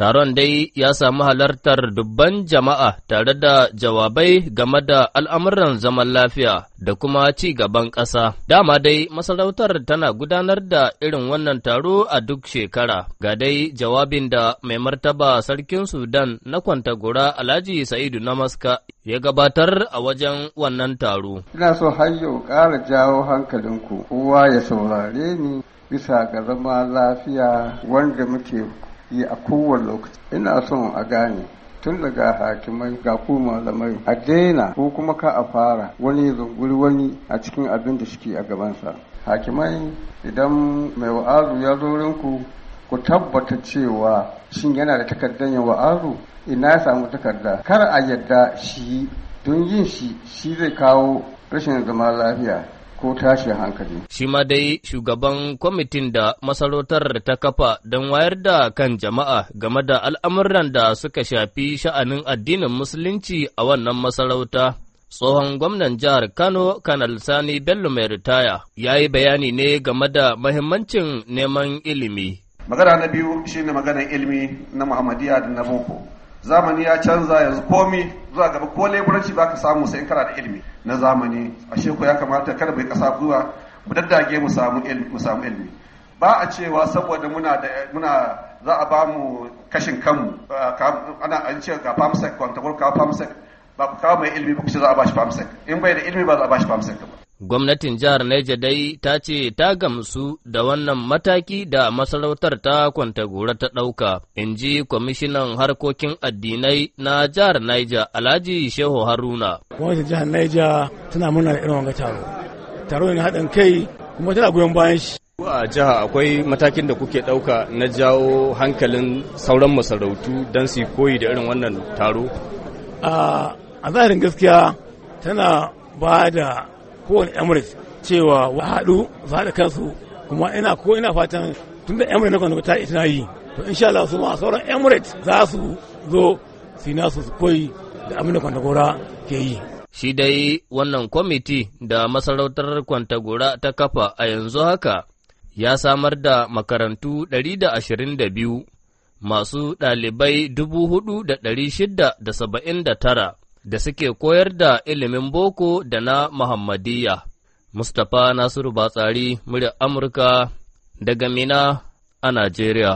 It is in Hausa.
Taron dai ya sami halartar dubban jama'a tare da jawabai game da al'amuran zaman lafiya da kuma ci gaban ƙasa. Dama dai masarautar tana gudanar da irin wannan taro a duk shekara. Ga dai jawabin da mai martaba sarkin Sudan na Kwantagora Alhaji Sa'idu na maska ya gabatar a wajen wannan taro. Ina so har ƙara jawo hankalinku, kowa ya saurare ni bisa ga zama lafiya wanda muke yi a kowane lokaci ina son a gane tun daga hakimai ga ku malamai a daina ko kuma ka a fara wani zunguri wani a cikin abin da shike a gabansa hakimai idan mai wa'azu ya zo rinku ku tabbata cewa shin yana da takardar yin wa'azu ina ya samu takarda kar a yadda shi don yin shi shi zai kawo rashin zama lafiya ko tashi hankali. Shi ma dai shugaban kwamitin da masarautar ta kafa don wayar da kan jama'a game da al'amuran da suka shafi sha'anin addinin musulunci a wannan masarauta. Tsohon gwamnan jihar Kano, Kanal Sani Bello mai ritaya, ya yi bayani ne game da mahimmancin neman ilimi. Magana na biyu shine maganar ilimi na Muhammadiyya da na Boko. zamani ya canza yanzu komi zuwa gaba ko leburanci ba ka samu sai kana da ilimi na zamani ashe ko ya kamata kada bai kasa zuwa mu daddage mu samu ilimi ba a cewa saboda muna da muna za a ba mu kashin kanmu ana an ce ga famsec kwanta kawo famsek ba ku kawo mai ilimi ba ku ce za a ba shi famsek in bai da ilimi ba za a ba shi famsek ba Gwamnatin jihar Neja dai ta ce ta gamsu da wannan mataki da masarautar ta kwanta gora ta ɗauka, in ji kwamishinan harkokin addinai na jihar Neja Alhaji Shehu Haruna. Gwamnatin jihar Neja tana murna da irin wanga taro. Taro ne haɗin kai kuma tana goyon bayan shi. a jiha akwai matakin da kuke ɗauka na jawo hankalin sauran masarautu don su koyi da irin wannan taro? A zahirin gaskiya tana ba da kowane emirates cewa wa haɗu su haɗa kansu kuma ina ko ina fatan tun da emirates na kwanu ta ita yi to insha Allah su ma sauran emirates za su zo su na su koyi da abin da kwantagora ke yi. Shi dai wannan kwamiti da masarautar kwantagora ta kafa a yanzu haka ya samar da makarantu 122 masu ɗalibai 4,679 da suke koyar da ilimin boko da na Muhammadiyya. Mustapha Nasiru Batsari, murya Amurka daga Mina a Najeriya.